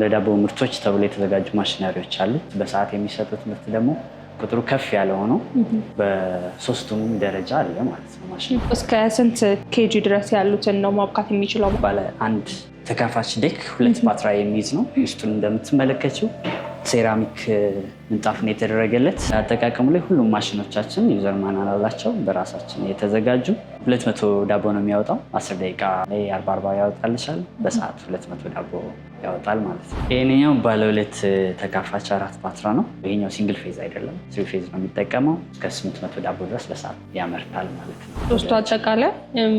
ለዳቦ ምርቶች ተብሎ የተዘጋጁ ማሽነሪዎች አሉ። በሰዓት የሚሰጡት ምርት ደግሞ ቁጥሩ ከፍ ያለ ሆኖ በሶስቱም ደረጃ አለ ማለት ነው። ማሽን እስከ ስንት ኬጂ ድረስ ያሉትን ነው ማብካት የሚችለው? ባለ አንድ ተካፋች ዴክ ሁለት ፓትራ የሚይዝ ነው። ውስጡን እንደምትመለከችው ሴራሚክ ምንጣፍ ነው የተደረገለት። አጠቃቀሙ ላይ ሁሉም ማሽኖቻችን ዩዘር ማናል አላቸው። በራሳችን የተዘጋጁ 200 ዳቦ ነው የሚያወጣው። 10 ደቂቃ ላይ 44 ያወጣልሻል። በሰዓት 200 ዳቦ ያወጣል ማለት ነው። ይህንኛው ባለ ሁለት ተካፋች አራት ፓትራ ነው። ይሄኛው ሲንግል ፌዝ አይደለም፣ ስሪ ፌዝ ነው የሚጠቀመው። እስከ 800 ዳቦ ድረስ በሰዓት ያመርታል ማለት ነው። ሶስቱ አጠቃላይ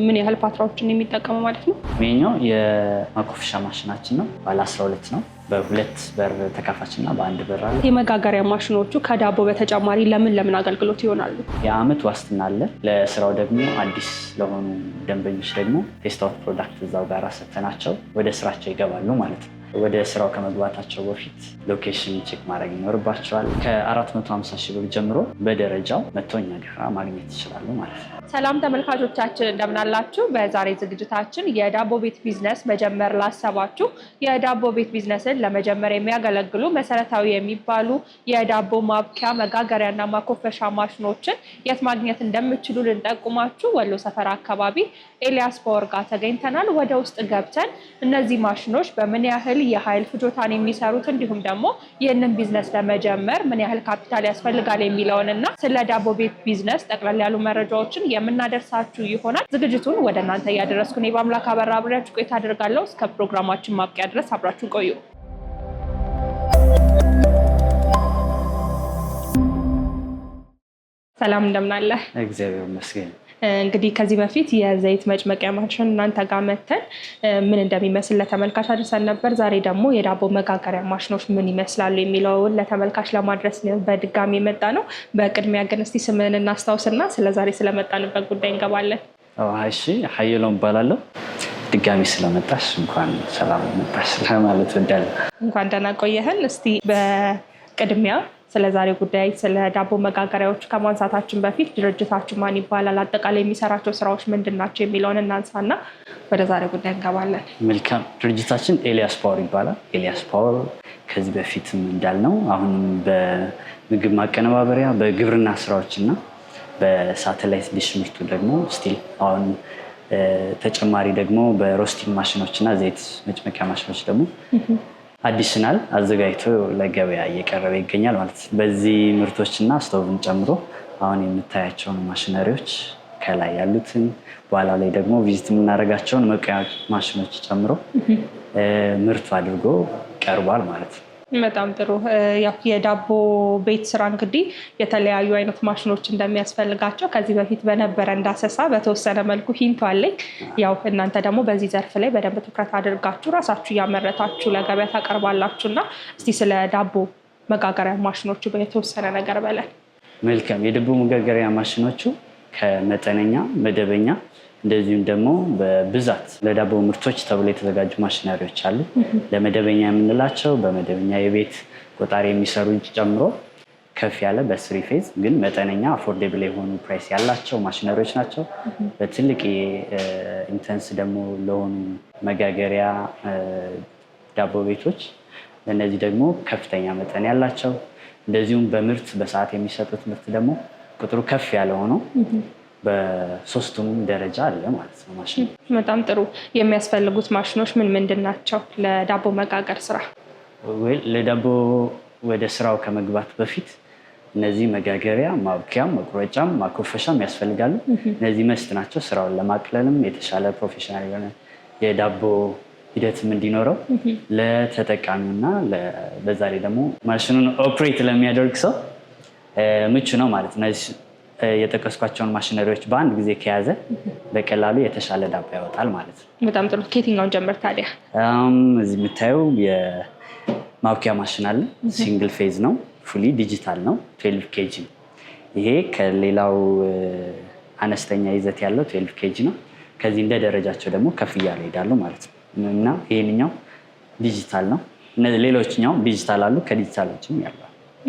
ምን ያህል ፓትራዎችን የሚጠቀመው ማለት ነው? ይሄኛው የማኮፈሻ ማሽናችን ነው። ባለ 12 ነው በሁለት በር ተካፋች እና በአንድ በር አለ። የመጋገሪያ ማሽኖቹ ከዳቦ በተጨማሪ ለምን ለምን አገልግሎት ይሆናሉ? የአመት ዋስትና አለ። ለስራው ደግሞ አዲስ ለሆኑ ደንበኞች ደግሞ ቴስታውት ፕሮዳክት እዛው ጋር ሰተናቸው ወደ ስራቸው ይገባሉ ማለት ነው። ወደ ስራው ከመግባታቸው በፊት ሎኬሽን ቼክ ማድረግ ይኖርባቸዋል። ከ450 ሺህ ብር ጀምሮ በደረጃው መቶኛ እኛ ጋር ማግኘት ይችላሉ ማለት ነው። ሰላም ተመልካቾቻችን እንደምናላችሁ። በዛሬ ዝግጅታችን የዳቦ ቤት ቢዝነስ መጀመር ላሰባችሁ የዳቦ ቤት ቢዝነስን ለመጀመር የሚያገለግሉ መሰረታዊ የሚባሉ የዳቦ ማብኪያ መጋገሪያና ማኮፈሻ ማሽኖችን የት ማግኘት እንደምችሉ ልንጠቁማችሁ ወሎ ሰፈር አካባቢ ኤልያስ በወርጋ ተገኝተናል። ወደ ውስጥ ገብተን እነዚህ ማሽኖች በምን ያህል የኃይል ፍጆታን የሚሰሩት እንዲሁም ደግሞ ይህንን ቢዝነስ ለመጀመር ምን ያህል ካፒታል ያስፈልጋል የሚለውን እና ስለ ዳቦ ቤት ቢዝነስ ጠቅለል ያሉ መረጃዎችን የምናደርሳችሁ ይሆናል። ዝግጅቱን ወደ እናንተ እያደረስኩ እኔ በአምላክ አበራ አብሬያችሁ ቆይታ አደርጋለሁ። እስከ ፕሮግራማችን ማብቂያ ድረስ አብራችሁን ቆዩ። ሰላም እንደምናለህ። እግዚአብሔር ይመስገን። እንግዲህ ከዚህ በፊት የዘይት መጭመቂያ ማሽን እናንተ ጋር መተን ምን እንደሚመስል ለተመልካች አድርሰን ነበር። ዛሬ ደግሞ የዳቦ መጋገሪያ ማሽኖች ምን ይመስላሉ የሚለውን ለተመልካች ለማድረስ በድጋሚ የመጣ ነው። በቅድሚያ ግን እስቲ ስምን እናስታውስና ስለ ስለመጣንበት ጉዳይ እንገባለን። እሺ፣ ሀየሎም እባላለሁ። ድጋሚ ስለመጣሽ እንኳን ሰላም መጣሽ ለማለት ወዳለ እንኳን ደህና ቆየህን። እስቲ በቅድሚያ ስለ ዛሬ ጉዳይ ስለ ዳቦ መጋገሪያዎች ከማንሳታችን በፊት ድርጅታችን ማን ይባላል፣ አጠቃላይ የሚሰራቸው ስራዎች ምንድን ናቸው የሚለውን እናንሳና ወደ ዛሬ ጉዳይ እንገባለን። መልካም። ድርጅታችን ኤልያስ ፓወር ይባላል። ኤልያስ ፓወር ከዚህ በፊትም እንዳልነው አሁንም በምግብ ማቀነባበሪያ በግብርና ስራዎች እና በሳተላይት ዲሽ ምርቱ ደግሞ ስቲል አሁን ተጨማሪ ደግሞ በሮስቲንግ ማሽኖች እና ዘይት መጭመቂያ ማሽኖች ደግሞ አዲሽናል አዘጋጅቶ ለገበያ እየቀረበ ይገኛል ማለት ነው። በዚህ ምርቶችና ስቶቭን ጨምሮ አሁን የምታያቸውን ማሽነሪዎች ከላይ ያሉትን በኋላ ላይ ደግሞ ቪዚት የምናደርጋቸውን መቀያ ማሽኖች ጨምሮ ምርቱ አድርጎ ቀርቧል ማለት ነው። በጣም ጥሩ። ያው የዳቦ ቤት ስራ እንግዲህ የተለያዩ አይነት ማሽኖች እንደሚያስፈልጋቸው ከዚህ በፊት በነበረ እንዳሰሳ በተወሰነ መልኩ ሂንቱ አለኝ። ያው እናንተ ደግሞ በዚህ ዘርፍ ላይ በደንብ ትኩረት አድርጋችሁ ራሳችሁ እያመረታችሁ ለገበያ ታቀርባላችሁ እና እስቲ ስለ ዳቦ መጋገሪያ ማሽኖቹ የተወሰነ ነገር በለን። መልካም። የዳቦ መጋገሪያ ማሽኖቹ ከመጠነኛ መደበኛ እንደዚሁም ደግሞ በብዛት ለዳቦ ምርቶች ተብሎ የተዘጋጁ ማሽነሪዎች አሉ። ለመደበኛ የምንላቸው በመደበኛ የቤት ቆጣሪ የሚሰሩ ጨምሮ ከፍ ያለ በስሪ ፌዝ ግን መጠነኛ አፎርዴብል የሆኑ ፕራይስ ያላቸው ማሽነሪዎች ናቸው። በትልቅ ኢንተንስ ደግሞ ለሆኑ መጋገሪያ ዳቦ ቤቶች እነዚህ ደግሞ ከፍተኛ መጠን ያላቸው እንደዚሁም በምርት በሰዓት የሚሰጡት ምርት ደግሞ ቁጥሩ ከፍ ያለ ሆኖ በሶስቱም ደረጃ አለ ማለት ነው። ማሽን በጣም ጥሩ። የሚያስፈልጉት ማሽኖች ምን ምንድን ናቸው? ለዳቦ መጋገር ስራ ለዳቦ ወደ ስራው ከመግባት በፊት እነዚህ መጋገሪያ፣ ማብኪያም፣ መቁረጫም ማኮፈሻም ያስፈልጋሉ። እነዚህ መስት ናቸው። ስራውን ለማቅለልም የተሻለ ፕሮፌሽናል የሆነ የዳቦ ሂደትም እንዲኖረው ለተጠቃሚውና በዛ ላይ ደግሞ ማሽኑን ኦፕሬት ለሚያደርግ ሰው ምቹ ነው ማለት ነው። የጠቀስኳቸውን ማሽነሪዎች በአንድ ጊዜ ከያዘ በቀላሉ የተሻለ ዳቦ ያወጣል ማለት ነው። በጣም ጥሩ። ከየትኛውን ጀምር ታዲያ? እዚህ የምታየው የማውኪያ ማሽን አለ። ሲንግል ፌዝ ነው፣ ፉሊ ዲጂታል ነው። ትዌልቭ ኬጂ ይሄ ከሌላው አነስተኛ ይዘት ያለው ትዌልቭ ኬጂ ነው። ከዚህ እንደ ደረጃቸው ደግሞ ከፍ እያለ ይሄዳሉ ማለት ነው እና ይህንኛው ዲጂታል ነው። ሌሎችኛው ዲጂታል አሉ፣ ከዲጂታሎችም ያሉ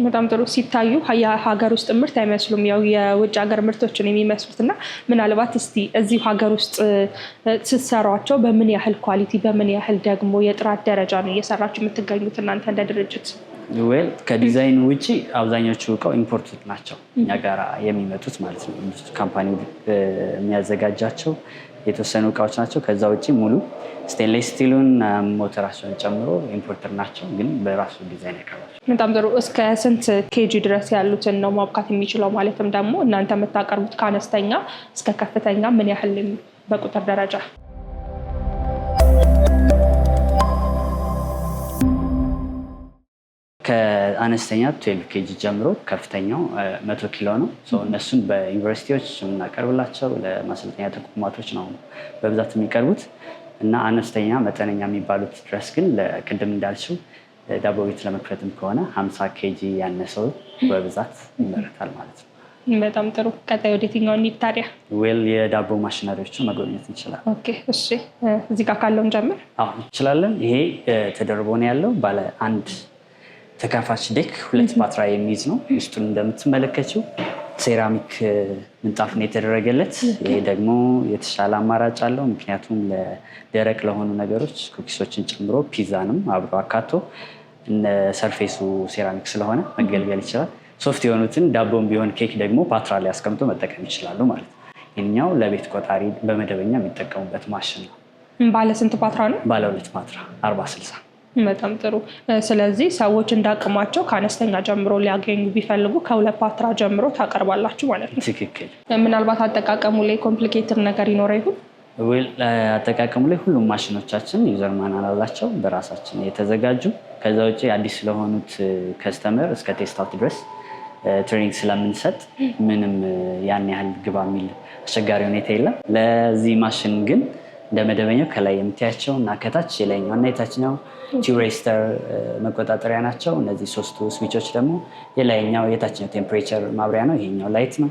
በጣም ጥሩ ሲታዩ የሀገር ውስጥ ምርት አይመስሉም። ያው የውጭ ሀገር ምርቶችን የሚመስሉት እና ምናልባት እስቲ እዚሁ ሀገር ውስጥ ስትሰሯቸው በምን ያህል ኳሊቲ፣ በምን ያህል ደግሞ የጥራት ደረጃ ነው እየሰራችሁ የምትገኙት እናንተ እንደ ድርጅት? ዌል ከዲዛይን ውጭ አብዛኞቹ እቃው ኢምፖርት ናቸው እኛ ጋር የሚመጡት ማለት ነው። ካምፓኒ የሚያዘጋጃቸው የተወሰኑ እቃዎች ናቸው። ከዛ ውጭ ሙሉ ስቴንሌስ ስቲሉን ሞተራቸውን ጨምሮ ኢምፖርተር ናቸው፣ ግን በራሱ ዲዛይን ያቀርባቸው። በጣም ጥሩ። እስከ ስንት ኬጂ ድረስ ያሉትን ነው ማብቃት የሚችለው? ማለትም ደግሞ እናንተ የምታቀርቡት ከአነስተኛ እስከ ከፍተኛ ምን ያህል በቁጥር ደረጃ ከአነስተኛ ቱዌልቭ ኬጂ ጀምሮ ከፍተኛው መቶ ኪሎ ነው። እነሱን በዩኒቨርሲቲዎች የምናቀርብላቸው ለማሰልጠኛ ተቋማቶች ነው በብዛት የሚቀርቡት እና አነስተኛ መጠነኛ የሚባሉት ድረስ ግን ቅድም እንዳልችው ዳቦ ቤት ለመክፈትም ከሆነ ሀምሳ ኬጂ ያነሰው በብዛት ይመረታል ማለት ነው። በጣም ጥሩ። ቀጣይ ወደየትኛው እንሂድ ታዲያ? ዌል የዳቦ ማሽነሪዎቹ መጎብኘት እንችላለን። እሺ፣ እዚህ ጋር ካለውን ጀምር። አዎ እንችላለን። ይሄ ተደርቦ ነው ያለው ባለ አንድ ተካፋች ዴክ ሁለት ፓትራ የሚይዝ ነው። ውስጡን እንደምትመለከችው ሴራሚክ ምንጣፍ ነው የተደረገለት። ይሄ ደግሞ የተሻለ አማራጭ አለው። ምክንያቱም ለደረቅ ለሆኑ ነገሮች ኩኪሶችን ጨምሮ ፒዛንም አብሮ አካቶ ሰርፌሱ ሴራሚክ ስለሆነ መገልገል ይችላል። ሶፍት የሆኑትን ዳቦም ቢሆን ኬክ ደግሞ ፓትራ ላይ አስቀምጦ መጠቀም ይችላሉ ማለት ነው። ይህኛው ለቤት ቆጣሪ በመደበኛ የሚጠቀሙበት ማሽን ነው። ባለ ስንት ፓትራ ነው? ባለ ሁለት ፓትራ አርባ ስልሳ በጣም ጥሩ። ስለዚህ ሰዎች እንዳቅማቸው ከአነስተኛ ጀምሮ ሊያገኙ ቢፈልጉ ከሁለት ፓትራ ጀምሮ ታቀርባላችሁ ማለት ነው። ትክክል። ምናልባት አጠቃቀሙ ላይ ኮምፕሊኬትድ ነገር ይኖረ ይሁን? አጠቃቀሙ ላይ ሁሉም ማሽኖቻችን ዩዘር ማናል አላቸው በራሳችን የተዘጋጁ። ከዛ ውጭ አዲስ ስለሆኑት ከስተመር እስከ ቴስት አውት ድረስ ትሬኒንግ ስለምንሰጥ ምንም ያን ያህል ግባ የሚል አስቸጋሪ ሁኔታ የለም። ለዚህ ማሽን ግን እንደ መደበኛው ከላይ የምታያቸው እና ከታች የላይኛው እና የታችኛው ቲሬስተር መቆጣጠሪያ ናቸው። እነዚህ ሶስቱ ስዊቾች ደግሞ የላይኛው የታችኛው ቴምፕሬቸር ማብሪያ ነው። ይሄኛው ላይት ነው።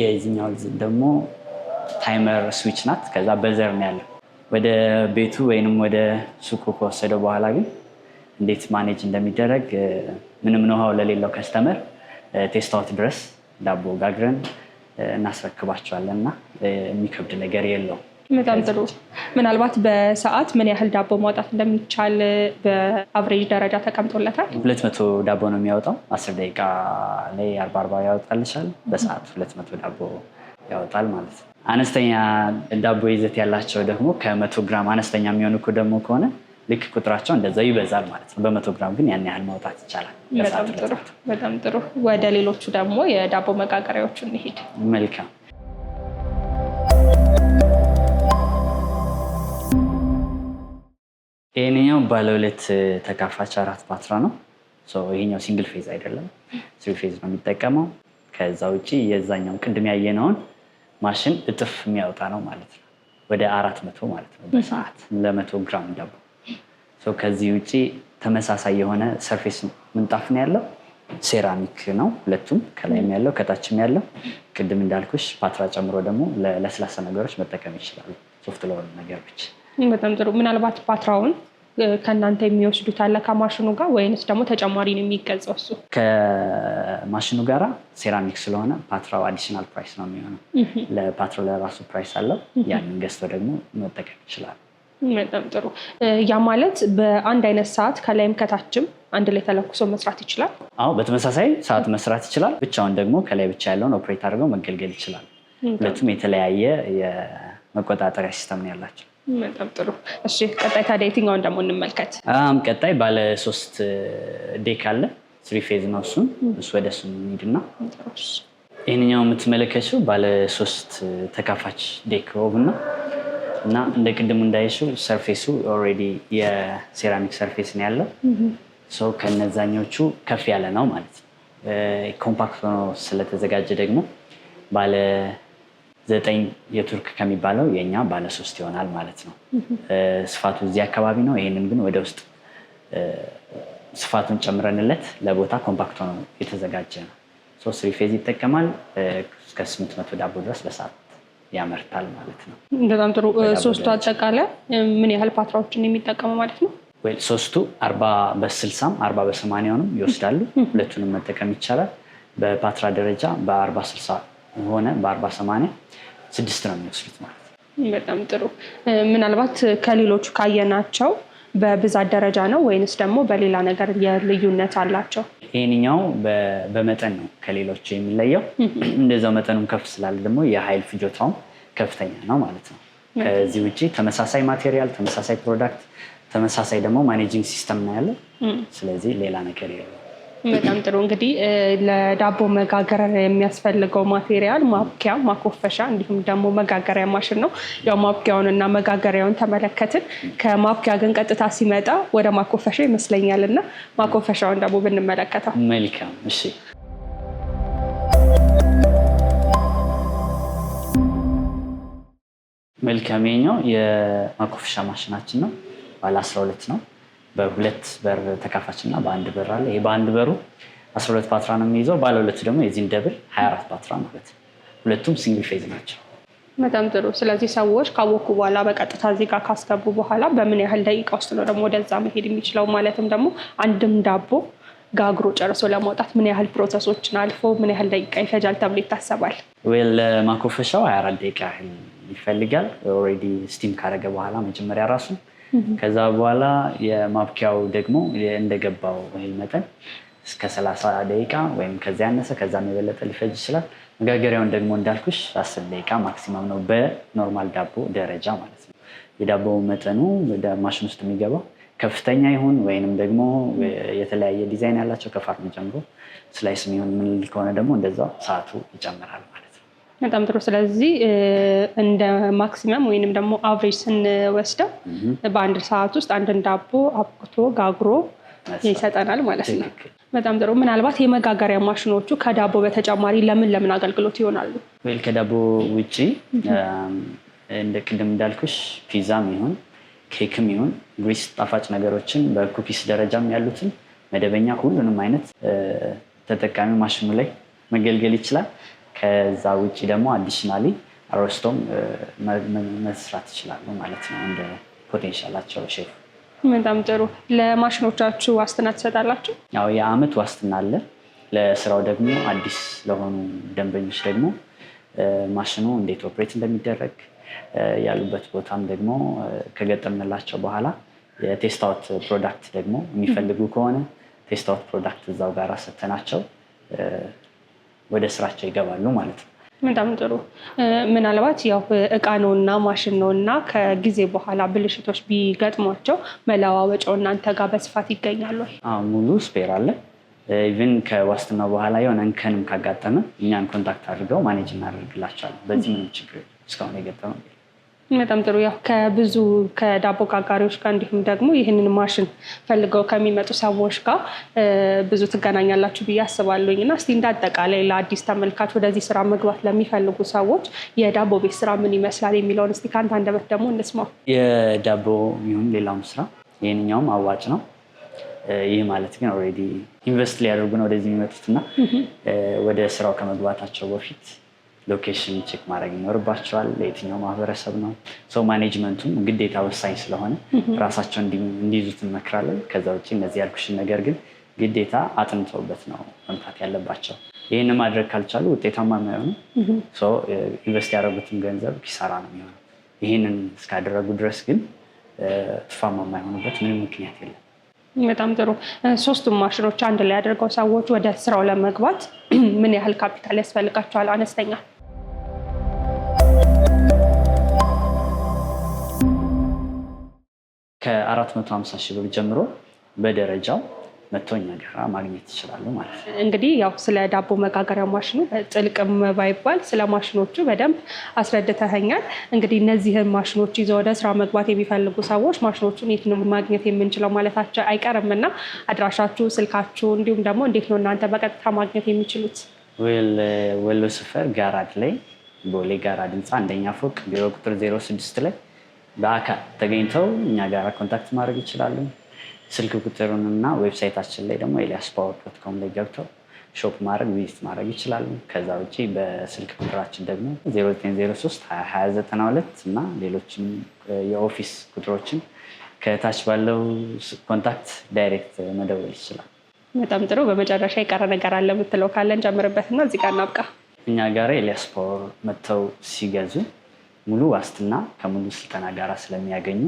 የዚኛው ደግሞ ታይመር ስዊች ናት። ከዛ በዘር ነው ያለው። ወደ ቤቱ ወይንም ወደ ሱቁ ከወሰደው በኋላ ግን እንዴት ማኔጅ እንደሚደረግ ምንም ነውሃው ለሌለው ከስተመር ቴስታውት ድረስ ዳቦ ጋግረን እናስረክባቸዋለን እና የሚከብድ ነገር የለውም። በጣም ጥሩ። ምናልባት በሰዓት ምን ያህል ዳቦ ማውጣት እንደሚቻል በአብሬጅ ደረጃ ተቀምጦለታል? ሁለት መቶ ዳቦ ነው የሚያወጣው። አስር ደቂቃ ላይ አርባ አርባ ያወጣልሻል። በሰዓት ሁለት መቶ ዳቦ ያወጣል ማለት ነው። አነስተኛ ዳቦ ይዘት ያላቸው ደግሞ ከመቶ ግራም አነስተኛ የሚሆኑ ደግሞ ከሆነ ልክ ቁጥራቸው እንደዛ ይበዛል ማለት ነው። በመቶ ግራም ግን ያን ያህል ማውጣት ይቻላል። በጣም ጥሩ። ወደ ሌሎቹ ደግሞ የዳቦ መጋገሪያዎቹ እንሄድ። መልካም ባለሁለት ተካፋች አራት ፓትራ ነው። ይሄኛው ሲንግል ፌዝ አይደለም፣ ስሪ ፌዝ ነው የሚጠቀመው። ከዛ ውጭ የዛኛው ቅድም ያየነውን ማሽን እጥፍ የሚያወጣ ነው ማለት ነው። ወደ አራት መቶ ማለት ነው በሰዓት ለመቶ ግራም ዳቦ። ከዚህ ውጭ ተመሳሳይ የሆነ ሰርፌስ ምንጣፍ ነው ያለው። ሴራሚክ ነው ሁለቱም፣ ከላይም ያለው ከታችም ያለው። ቅድም እንዳልኩሽ ፓትራ ጨምሮ ደግሞ ለስላሳ ነገሮች መጠቀም ይችላሉ፣ ሶፍት ለሆኑ ነገሮች። በጣም ጥሩ። ምናልባት ፓትራውን ከእናንተ የሚወስዱት አለ ከማሽኑ ጋር ወይንስ ደግሞ ተጨማሪ ነው የሚገልጸው? እሱ ከማሽኑ ጋራ ሴራሚክ ስለሆነ ፓትራው አዲሽናል ፕራይስ ነው የሚሆነው። ለፓትራው ለራሱ ፕራይስ አለው። ያንን ገዝተው ደግሞ መጠቀም ይችላል። በጣም ጥሩ። ያ ማለት በአንድ አይነት ሰዓት ከላይም ከታችም አንድ ላይ ተለኩሶ መስራት ይችላል። አዎ፣ በተመሳሳይ ሰዓት መስራት ይችላል። ብቻውን ደግሞ ከላይ ብቻ ያለውን ኦፕሬት አድርገው መገልገል ይችላል። ሁለቱም የተለያየ የመቆጣጠሪያ ሲስተም ነው ያላቸው። በጣም ጥሩ። እሺ ቀጣይ ታዲያ የትኛውን ደግሞ እንመልከት? ቀጣይ ባለ ሶስት ዴክ አለ። ስሪ ፌዝ ነው። እሱን እሱ ወደ እሱ እንሂድና ይህንኛው የምትመለከችው ባለ ሶስት ተካፋች ዴክ ኦቭን እና እንደ ቅድሙ እንዳየሽው ሰርፌሱ ኦልሬዲ የሴራሚክ ሰርፌስ ነው ያለው ሰው ከነዛኞቹ ከፍ ያለ ነው ማለት ነው። ኮምፓክት ሆኖ ስለተዘጋጀ ደግሞ ባለ ዘጠኝ የቱርክ ከሚባለው የእኛ ባለሶስት ይሆናል ማለት ነው። ስፋቱ እዚህ አካባቢ ነው። ይህንን ግን ወደ ውስጥ ስፋቱን ጨምረንለት ለቦታ ኮምፓክት ሆኖ የተዘጋጀ ነው። ሶስት ሪፌዝ ይጠቀማል። እስከ ስምንት መቶ ዳቦ ድረስ በሰዓት ያመርታል ማለት ነው። በጣም ጥሩ። ሶስቱ አጠቃላይ ምን ያህል ፓትራዎችን የሚጠቀሙ ማለት ነው? ሶስቱ አርባ በስልሳም አርባ በሰማንያውንም ይወስዳሉ። ሁለቱንም መጠቀም ይቻላል። በፓትራ ደረጃ በአርባ ስልሳ ሆነ በአርባ ሰማንያ ስድስት ነው የሚወስዱት ማለት በጣም ጥሩ። ምናልባት ከሌሎቹ ካየናቸው በብዛት ደረጃ ነው ወይንስ ደግሞ በሌላ ነገር የልዩነት አላቸው? ይህንኛው በመጠን ነው ከሌሎቹ የሚለየው። እንደዛው መጠኑም ከፍ ስላለ ደግሞ የኃይል ፍጆታውም ከፍተኛ ነው ማለት ነው። ከዚህ ውጭ ተመሳሳይ ማቴሪያል፣ ተመሳሳይ ፕሮዳክት፣ ተመሳሳይ ደግሞ ማኔጂንግ ሲስተም ነው ያለው። ስለዚህ ሌላ ነገር የለው። በጣም ጥሩ እንግዲህ ለዳቦ መጋገሪያ የሚያስፈልገው ማቴሪያል ማብኪያ፣ ማኮፈሻ እንዲሁም ደግሞ መጋገሪያ ማሽን ነው። ያው ማብኪያውን እና መጋገሪያውን ተመለከትን። ከማብኪያ ግን ቀጥታ ሲመጣ ወደ ማኮፈሻ ይመስለኛል እና ማኮፈሻውን ደግሞ ብንመለከተው መልካም። እሺ መልካም። የኛው የማኮፈሻ ማሽናችን ነው። ባለ 12 ነው። በሁለት በር ተካፋች እና በአንድ በር አለ። ይሄ በአንድ በሩ 12 ፓትራ ነው የሚይዘው። ባለሁለቱ ደግሞ የዚህን ደብል 24 ፓትራ ማለት ነው። ሁለቱም ሲንግል ፌዝ ናቸው። በጣም ጥሩ። ስለዚህ ሰዎች ካወኩ በኋላ በቀጥታ እዚህ ጋር ካስገቡ በኋላ በምን ያህል ደቂቃ ውስጥ ነው ደግሞ ወደዛ መሄድ የሚችለው? ማለትም ደግሞ አንድም ዳቦ ጋግሮ ጨርሶ ለማውጣት ምን ያህል ፕሮሰሶችን አልፎ ምን ያህል ደቂቃ ይፈጃል ተብሎ ይታሰባል? ዌል ማኮፈሻው 24 ደቂቃ ያህል ይፈልጋል። ኦሬዲ ስቲም ካደረገ በኋላ መጀመሪያ ራሱ ከዛ በኋላ የማብኪያው ደግሞ እንደገባው እህል መጠን እስከ 30 ደቂቃ ወይም ከዚያ ያነሰ ከዛም የበለጠ ሊፈጅ ይችላል። መጋገሪያውን ደግሞ እንዳልኩሽ አስር ደቂቃ ማክሲማም ነው በኖርማል ዳቦ ደረጃ ማለት ነው። የዳቦ መጠኑ ወደ ማሽን ውስጥ የሚገባው ከፍተኛ ይሁን ወይንም ደግሞ የተለያየ ዲዛይን ያላቸው ከፋርም ጀምሮ ስላይስ የሚሆን ምንል ከሆነ ደግሞ እንደዛው ሰዓቱ ይጨምራል። በጣም ጥሩ። ስለዚህ እንደ ማክሲመም ወይንም ደግሞ አቭሬጅ ስንወስደው በአንድ ሰዓት ውስጥ አንድን ዳቦ አብቅቶ ጋግሮ ይሰጠናል ማለት ነው። በጣም ጥሩ። ምናልባት የመጋገሪያ ማሽኖቹ ከዳቦ በተጨማሪ ለምን ለምን አገልግሎት ይሆናሉ? ወይል ከዳቦ ውጭ እንደ ቅድም እንዳልኩሽ ፒዛም ይሁን ኬክም ይሁን ግሪስ ጣፋጭ ነገሮችን በኩኪስ ደረጃም ያሉትን መደበኛ ሁሉንም አይነት ተጠቃሚ ማሽኑ ላይ መገልገል ይችላል። ከዛ ውጭ ደግሞ አዲሽናሊ ሮስቶም መስራት ይችላሉ ማለት ነው እንደ ፖቴንሻላቸው ሼፍ። በጣም ጥሩ። ለማሽኖቻችሁ ዋስትና ትሰጣላችሁ? ያው የአመት ዋስትና አለ። ለስራው ደግሞ አዲስ ለሆኑ ደንበኞች ደግሞ ማሽኑ እንዴት ኦፕሬት እንደሚደረግ ያሉበት ቦታም ደግሞ ከገጠምንላቸው በኋላ የቴስታውት ፕሮዳክት ደግሞ የሚፈልጉ ከሆነ ቴስታውት ፕሮዳክት እዛው ጋር ሰተናቸው ወደ ስራቸው ይገባሉ ማለት ነው። በጣም ጥሩ። ምናልባት ያው እቃ ነውና ማሽን ነውና ከጊዜ በኋላ ብልሽቶች ቢገጥሟቸው መለዋወጫው እናንተ ጋር በስፋት ይገኛሉ። ሙሉ ስፔር አለ። ኢቨን ከዋስትና በኋላ የሆነ እንከንም ካጋጠመ እኛን ኮንታክት አድርገው ማኔጅ እናደርግላቸዋለን። በዚህ ምንም ችግር እስካሁን የገጠመው በጣም ጥሩ። ያው ከብዙ ከዳቦ ጋጋሪዎች ጋር እንዲሁም ደግሞ ይህንን ማሽን ፈልገው ከሚመጡ ሰዎች ጋር ብዙ ትገናኛላችሁ ብዬ አስባለኝ እና እስቲ እንዳጠቃላይ ለአዲስ ተመልካች ወደዚህ ስራ መግባት ለሚፈልጉ ሰዎች የዳቦ ቤት ስራ ምን ይመስላል የሚለውን እስቲ ከአንተ አንደበት ደግሞ እንስማው። የዳቦ ይሁን ሌላውም ስራ ይህንኛውም አዋጭ ነው። ይህ ማለት ግን ኦልሬዲ ኢንቨስት ሊያደርጉ ነው ወደዚህ የሚመጡት እና ወደ ስራው ከመግባታቸው በፊት ሎኬሽን ቼክ ማድረግ ይኖርባቸዋል። ለየትኛው ማህበረሰብ ነው ሰው ማኔጅመንቱም ግዴታ ወሳኝ ስለሆነ ራሳቸውን እንዲይዙት እንመክራለን። ከዛ ውጭ እነዚህ ያልኩሽን ነገር ግን ግዴታ አጥንተውበት ነው መምጣት ያለባቸው። ይህን ማድረግ ካልቻሉ ውጤታማ የማይሆኑ ኢንቨስት ያደረጉትን ገንዘብ ኪሳራ ነው የሚሆነ ይህንን እስካደረጉ ድረስ ግን ትፋማ የማይሆኑበት ምንም ምክንያት የለም። በጣም ጥሩ። ሶስቱም ማሽኖች አንድ ላይ አድርገው ሰዎች ወደ ስራው ለመግባት ምን ያህል ካፒታል ያስፈልጋቸዋል? አነስተኛ ከ450 ሺህ ብር ጀምሮ በደረጃው መጥተው እኛ ማግኘት ይችላሉ ማለት ነው። እንግዲህ ያው ስለ ዳቦ መጋገሪያ ማሽኑ ጥልቅም ባይባል ስለ ማሽኖቹ በደንብ አስረድተኸኛል። እንግዲህ እነዚህን ማሽኖች ይዘው ወደ ስራ መግባት የሚፈልጉ ሰዎች ማሽኖቹን የት ነው ማግኘት የምንችለው ማለታቸው አይቀርም እና አድራሻችሁ፣ ስልካችሁ እንዲሁም ደግሞ እንዴት ነው እናንተ በቀጥታ ማግኘት የሚችሉት? ወሎ ሰፈር ጋራድ ላይ ቦሌ ጋራድ ህንፃ አንደኛ ፎቅ ቢሮ ቁጥር 06 ላይ በአካል ተገኝተው እኛ ጋር ኮንታክት ማድረግ ይችላሉ። ስልክ ቁጥሩን እና ዌብሳይታችን ላይ ደግሞ ኤልያስ ፓወር ዶት ኮም ላይ ገብተው ሾፕ ማድረግ ቪዚት ማድረግ ይችላሉ። ከዛ ውጭ በስልክ ቁጥራችን ደግሞ 0903 2092 እና ሌሎችም የኦፊስ ቁጥሮችን ከታች ባለው ኮንታክት ዳይሬክት መደወል ይችላል። በጣም ጥሩ። በመጨረሻ የቀረ ነገር አለ የምትለው ካለን እና እዚህ ጋር እናብቃ። እኛ ጋር ኤልያስ ፓወር መጥተው ሲገዙ ሙሉ ዋስትና ከሙሉ ስልጠና ጋር ስለሚያገኙ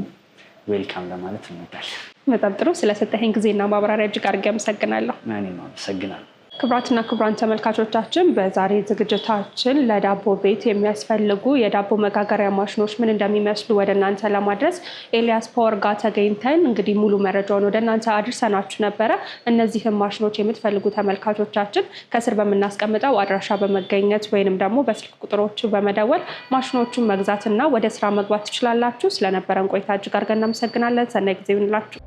ዌልካም ለማለት እንወዳለን። በጣም ጥሩ። ስለሰጠኸኝ ጊዜና ማብራሪያ እጅግ አድርጌ አመሰግናለሁ። እኔም አመሰግናለሁ። ክብራትና ክብራን ተመልካቾቻችን በዛሬ ዝግጅታችን ለዳቦ ቤት የሚያስፈልጉ የዳቦ መጋገሪያ ማሽኖች ምን እንደሚመስሉ ወደ እናንተ ለማድረስ ኤልያስ ፓወር ጋር ተገኝተን እንግዲህ ሙሉ መረጃውን ወደ እናንተ አድርሰናችሁ ነበረ። እነዚህም ማሽኖች የምትፈልጉ ተመልካቾቻችን ከስር በምናስቀምጠው አድራሻ በመገኘት ወይንም ደግሞ በስልክ ቁጥሮቹ በመደወል ማሽኖቹን መግዛትና ወደ ስራ መግባት ትችላላችሁ። ስለነበረን ቆይታ እጅግ አድርገን እናመሰግናለን። ሰናይ ጊዜ ይሁንላችሁ።